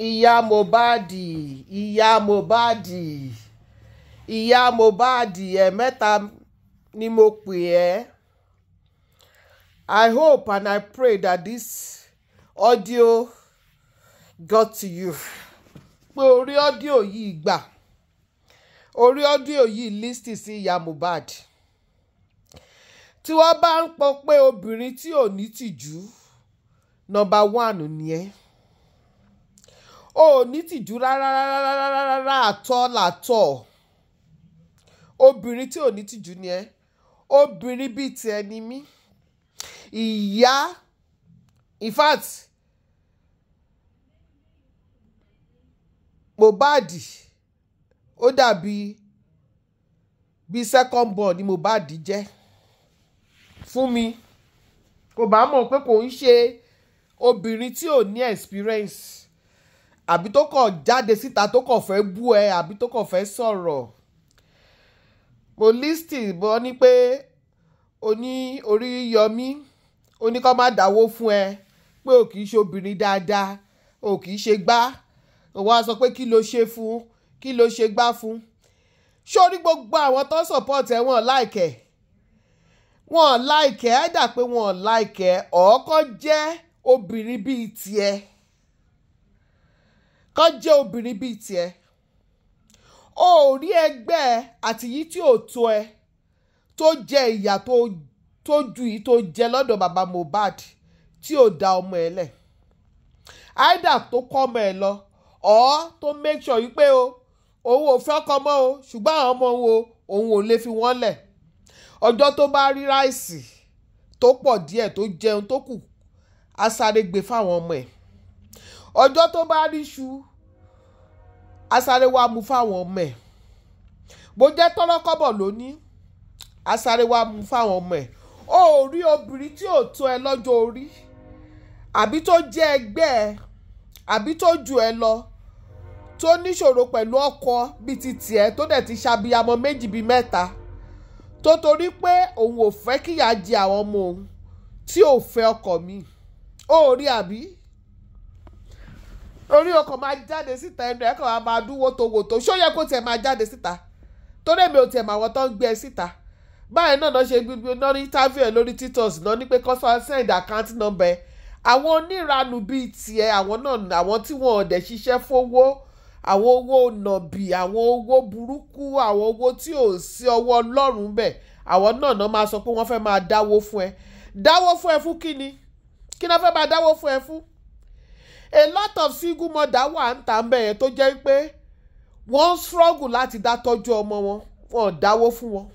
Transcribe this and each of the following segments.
ìyá Mohbad ìyá Mohbad ìyá Mohbad mẹta ni mo pè ẹ́ I hope and I pray that this audio got to you pé orí ọ́díò yìí gbà orí ọ́díò yìí lísìtì sí ìyá Mohbad tí wọ́n bá ń pọ pé obìnrin tí ò ní tìjú nọ́mbà one nìyẹn. o ò ní tìjú rárá rárá rárá rárá àtọ́ làtọ́ obìnrin tí ò ní tìjú ni ẹ obìnrin bíi tiẹ̀ ni mí ìyá in fact Mohbad ó dàbí bíi second born ni Mohbad jẹ́ fún mi kò bá mọ̀ pé kò ń ṣe obìnrin tí ò ní experience àbí tó kọ̀ jáde síta tó kọ̀ fẹ́ bú ẹ àbí tó kọ̀ fẹ́ sọ̀rọ̀ police bọ́ ní pé oní orí yọmí oní kọ́ má dáwó fún ẹ pé ò kì í ṣe obìnrin dáadáa ò kì í ṣe gbá wọ́n á sọ pé kí ló ṣe fún kí ló ṣe gbá fún sórí gbogbo àwọn tó ń support ẹ wọ́n láìkẹ́ wọ́n láìkẹ́ ẹ̀dà pé wọ́n láìkẹ́ ọ̀ọ́kọ́ jẹ́ obìnrin bíi tiẹ̀ kó jẹ́ obìnrin bíi tiẹ̀ o ò rí ẹgbẹ́ ẹ àti yìí tí ò tó ẹ tó jẹ ìyà tó ju yìí tó jẹ lọ́dọ̀ bàbá Mohbad tí ò da ọmọ ẹ lẹ̀ áìdà tó kọ́ ọmọ ẹ lọ ọ̀ tó make sure yìí pé o òun ò fẹ́ ọkọ mọ́ o ṣùgbọ́n àwọn ọmọ wo òun ò lè fi wọ́n lẹ̀ ọjọ́ tó bá rí ráìsì tó pọ̀ díẹ̀ tó jẹun tó kù á gbé fáwọn ọmọ ẹ̀ ọjọ́ tó bá ríṣu asáré wa mú fáwọn ọmọ ẹ̀ bó jẹ́ tọ́lọ́kọ́bọ̀ lónìí asáré wa mú fáwọn ọmọ ẹ̀ o ò rí obìnrin tí ò tó ẹ lọ́jọ́ orí àbí tó jẹ́ ẹgbẹ́ ẹ àbí tó jù ẹ lọ tó níṣòro pẹ̀lú ọkọ bíi ti tiẹ̀ tó dẹ̀ ti ṣàbíyamọ méjì bíi mẹ́ta tó torí pé òun ò fẹ́ kíyà jẹ àwọn ọmọ òun tí ò fẹ́ ọkọ mi ó rí àbí orí ọkọ̀ máa jáde síta ẹnu ẹ̀kọ́ wa máa dúwó tòwòtò ṣó yẹ kó tiẹ̀ máa jáde síta torí èmi ò tiẹ̀ màwọn tó ń gbé e síta báyìí náà náà ṣe gbígbé náà ní interview ẹ̀ lórí titus náà ní pé customer send account number àwọn oníranù bíi tiẹ̀ àwọn náà àwọn tí wọn ò dẹ̀ ṣiṣẹ́ fowó àwọn owó nàbì àwọn owó burúkú àwọn owó tí ò sí ọwọ́ ọlọ́run bẹ̀ àwọn náà náà máa sọ pé wọ́n fẹ́ máa dáwó fún ẹ dáwó fún ẹ fún kíni kí náà fẹ́ máa dáwó fún ẹ fún a lot of single mother wà ń ta mbẹ́ yẹn tó jẹ́ pé wọ́n struggle láti dá tọ́jú ọmọ wọn wọn ò dáwó fún wọn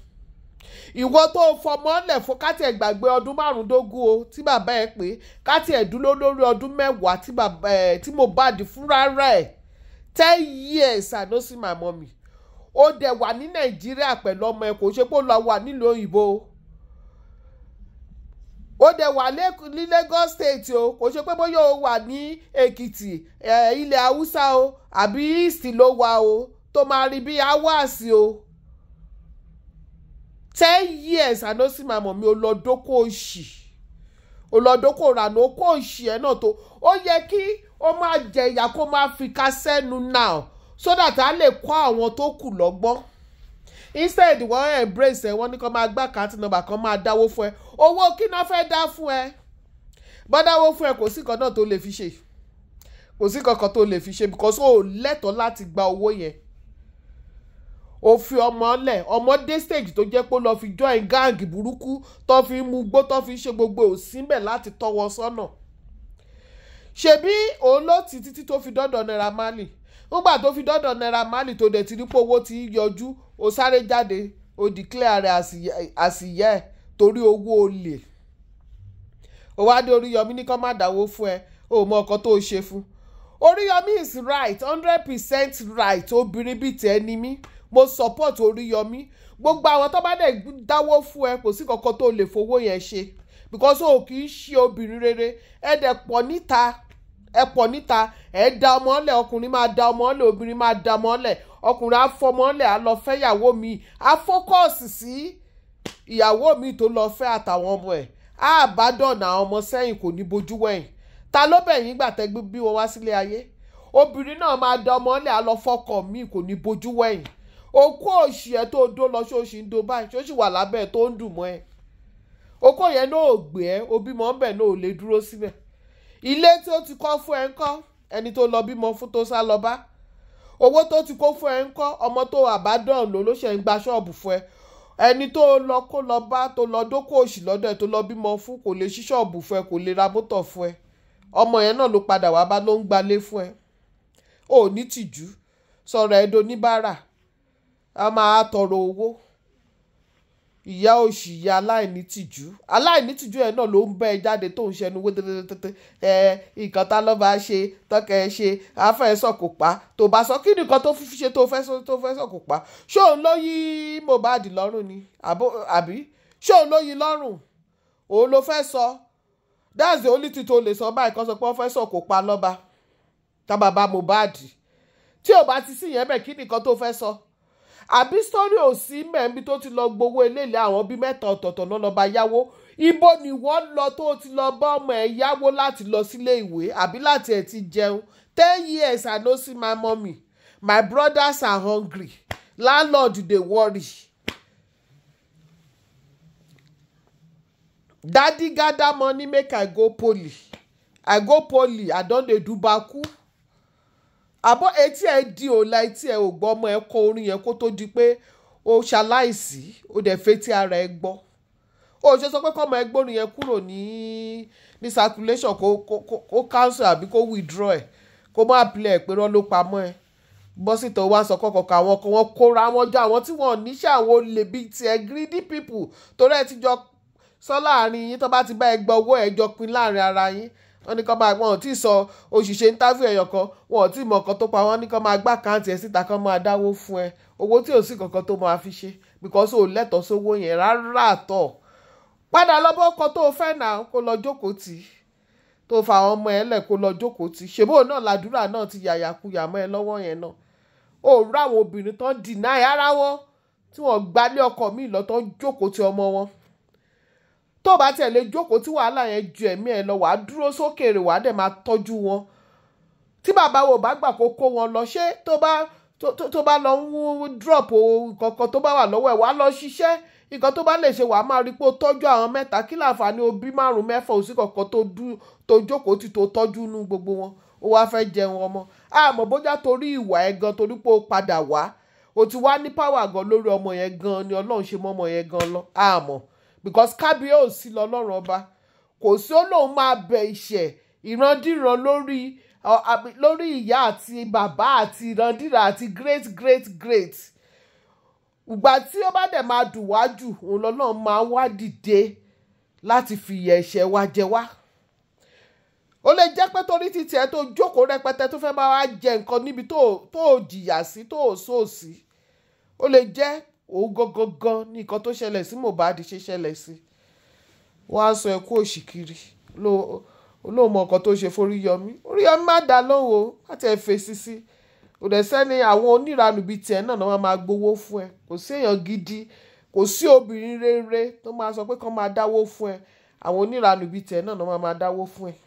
ìwọ tó fọmọ lẹ̀ fún káti ẹ̀ gbàgbé ọdún márùndógún o tí bàbá ẹ̀ pé káti ẹ̀ dúró lórí ọdún mẹ́wàá tí bàbá ẹ̀ tí Mohbad fúnra rẹ̀ ten years I no see my mommy ó dẹ̀ wà ní Nàìjíríà pẹ̀lú ọmọ ẹ̀ kò ṣe pé ó lọ wà nílùú òyìnbó o ó dẹ̀ wà ní Lagos state o kò ṣe pé bóyá o wà ní Èkìtì ilẹ̀ haúsá o àbí east ló wà o tó máa rí bí awáàsì o ten years ànọ́sí màmọ́ mi ò lọ dóko òṣì ò lọ dóko ìrànà okó òṣì ẹ̀ náà tó ó yẹ kí ó máa jẹ ìyà kó máa fi ká sẹ́nu náà sódà tá a lè kọ́ àwọn tó kù lọ́gbọ́n instead wọ́n embrace ẹ wọ́n ní kó máa gbá kàtí nọ́mbà kan máa dáwó fún ẹ owó kí náà fẹ́ dá fún ẹ bá dáwó fún ẹ kò sí kan náà tó lè fi ṣe kò sí kankan tó lè fi ṣe because o lẹ́tọ̀ọ́ láti gba owó yẹn o fi ọmọ lẹ̀ ọmọ dé stage tó jẹ́ pé ó lọ fi join gang burúkú tó fi mú gbó tó fi ṣe gbogbo òsínbẹ̀ láti tọwọ́ sọ́nà ṣebí òun ló ti títí tó fi dọ́dọ̀ Naira Marley nígbà tó fi dọ́dọ̀ Naira Marley tó dẹ̀ ti rí pé owó ti yọjú ó sáré jáde O declare rẹ̀ àsìyẹ́ ẹ̀ torí owó olè ó wá dé Oríyọmí ní kán má dáwó fún ẹ ó mọ ọkọ tó ṣe fún Oríyọmí is right hundred percent right obìnrin bíi tẹ́ ni mí mo support Oríyọmí gbogbo àwọn tó bá dẹ̀ dáwó fún ẹ kò sí kankan tó lè fowó yẹn ṣe because o kì í ṣe obìnrin rere ẹ dẹ̀ pọ̀ níta ẹ pọ̀ níta ẹ da ọmọ ọlẹ̀ ọkùnrin máa da ọmọ ọlẹ̀ obìnrin máa da ọmọ ọlẹ̀ ọkùnrin afọmọ ọlẹ̀ á lọ fẹ́ ìyàwó mi á fọ́kọ̀sì sí ìyàwó mi tó lọ fẹ́ àtàwọn ọmọ ẹ̀ á àbádọ́nà ọmọ sẹ́yìn kò ní bojú wẹ̀yìn ta ló bẹ̀yìn gbà tẹ́ gbé bí wọn wá sílé ayé obìnrin náà máa da ọmọ ọlẹ̀ á mi kò ní bojú wẹ̀yìn okó òṣì ẹ tó dó lọ ṣóṣì ń do báyìí ṣóṣì wà lábẹ́ tó ń dùn mọ́ ẹ okó yẹn náà ò gbé ẹ obìmọ̀ ń bẹ̀ náà ò lè dúró síbẹ̀. Si ilé tí ó ti kọ́ fún ẹ ń kọ́ ẹni tó lọ bímọ fún tó sá lọ bá owó tó ti kó fún ẹ ń kọ́ ọmọ tó àbádàn ló ló ṣe ń gba ṣọ́ọ̀bù fún ẹ ẹni tó lọ kó lọ bá tó lọ dókó òṣì lọ́dọ̀ ẹ tó lọ bímọ fún kò lè ṣí ṣọ́ọ̀bù fún ẹ kò lè ra mọ́tò fún ẹ ọmọ yẹn náà ló padà wá bá ló ń gbalé fún ẹ ò ní tìjú sọ̀rọ̀ ẹ̀ do a máa tọrọ owó ìyá òṣì ìyá aláìnítìjú aláìnítìjú ẹ náà ló ń bẹ ẹ jáde tó ń ṣẹnu wé tètè ẹ nǹkan tá lọ́ bá ṣe tọ́kẹ ẹ ṣe afẹ́ sọ̀kò pa tó bá sọ kí nìkan tó fi ṣe tó fẹ́ sọ̀kò pa ṣóun ló yí Mohbad lọ́rùn ni àbí ṣóun ló yí lọ́rùn òun ló fẹ́ sọ that's the only thing tó lè sọ báyìí kan sọ pé wọ́n fẹ́ sọ̀kò pa lọ́ba tá bàbá Mohbad tí ò bá ti sí yẹn bẹ́ẹ̀ kí nìkan tó fẹ́ sọ. So àbí sọ́rí ò sí mẹ́ẹ̀mí tó ti lọ gbowó eléyìí àwọn bíi mẹ́ta ọ̀tọ̀ọ̀tọ̀ ló lọ́ọ́ bá yáwó ibo ni wọ́n lọ tó ti lọ bá ọmọ ẹ̀ yáwó láti lọ sílé ìwé àbí láti ẹ̀ ti jẹun ten years I no see my mummy my brothers are hungry landlord dey worry. daddy gather money make I go poly I go poly I don dey do baku àbọ̀ etí ẹ̀ di òòlà etí ẹ̀ ò gbọ́ ọmọ ẹ̀ kọ orin yẹn kó tó di pé o ṣaláìsí o dẹ̀ fetí ara ẹ̀ gbọ́ o ṣe sọ pé kọ́mọ ẹ̀ gbórin yẹn kúrò ní ní circulation kó kó cancel àbí kó withdraw ẹ̀ kó má pilẹ̀ ẹ̀ pé wọ́n ló pamọ́ ẹ̀ bọ́sìtò wa sọ kọ́kọ́ ka àwọn kan wọ́n kóra wọn jọ àwọn tí wọ́n níṣẹ́ àwọn olè bíi tiẹ̀ greedy people torí ẹ̀ ti jọ sọ láàrin yín tó bá ti bá ẹ owó ẹ̀ jọ pin láàrin ara yín wọ́n ní kán máa wọn ò tí ì sọ òṣìṣẹ́ interview ẹ̀yọ̀ kan wọn ò tí ì mọ ọkàn tó pa wọ́n ní kán máa gbá àkáǹtì ẹ̀ síta kán máa dáwó fún ẹ owó tí ò sí kankan tó máa fi ṣe because o lẹ́tọ̀ọ́ sówó yẹn rárá àtọ̀ padà lọ́bọ̀ ọkọ tó o fẹ́ nà kó lọ jókòó tì tó fa àwọn ọmọ ẹ lẹ̀ kó lọ jókòó tì ṣèbó náà làdúrà náà ti yàyàkuyà mọ́ ẹ lọ́wọ́ yẹn náà o ráwọn obìnrin tán dìnnáì ara wọn tí wọ́n gbalé ọkọ míì lọ tán jókòó ti ọmọ wọn tó o bá tiẹ̀ lè jókòó tí wàhálà yẹn ju ẹ̀mí ẹ̀ lọ wàá dúró sókè rè wàá dẹ̀ máa tọ́jú wọn tí bàbá wo bá gbà kó kó wọn lọ ṣé tó bá tó bá lọ ń drop kankan tó bá wà lọ́wọ́ ẹ̀ wàá lọ ṣiṣẹ́ nǹkan tó bá lè ṣe wàá máa rí pé ó tọ́jú àwọn mẹ́ta kí láǹfààní obí márùn mẹ́fà òsì kankan tó jókòó tí tó tọ́jú inú gbogbo wọn ó wáá fẹ́ jẹun ọmọ àmọ́ bójá torí ìwà ẹ̀ gan torí pé ó padà wá ó ti wá ní power gan lórí ọmọ yẹn gan ni ọlọ́run ṣe mọ́ ọmọ yẹn gan lọ àmọ́ because kábíyèsí lọ́lọ́run ọba kò sí ó lóun máa bẹ ìṣẹ̀ ìrandíran lórí lórí ìyá àti bàbá àti ìrandíran àti great great great ìgbà tí ó bá dẹ̀ máa dùn wá jù òun lọ́lọ́run máa wá dìde láti fi ìyẹ̀ ẹ̀ṣẹ̀ wa jẹ wá ó lè jẹ́ pé torí ti tiẹ̀ tó jókòó rẹpẹtẹ tó fẹ́ máa jẹ nǹkan níbi tó ò jìyà sí tó sóòsì ó lè jẹ́ òun gangan ní nǹkan tó ṣẹlẹ̀ sí Mohbad ṣe ṣẹlẹ̀ sí wọ́n á sọ ẹkú òṣìkiri olóòmọ nǹkan tó ṣe foríyọmí oríyọmí má dá lóhùn o má tẹ̀ fèsì sí kò dẹ̀ sẹ́ni àwọn oníranù bíi tiẹ̀ náà wọ́n máa gbowó fún ẹ kò sí èèyàn gidi kò sí obìnrin rere tó máa sọ pé kán máa dáwó fún ẹ àwọn oníranù bíi tiẹ̀ náà wọ́n máa dáwó fún ẹ.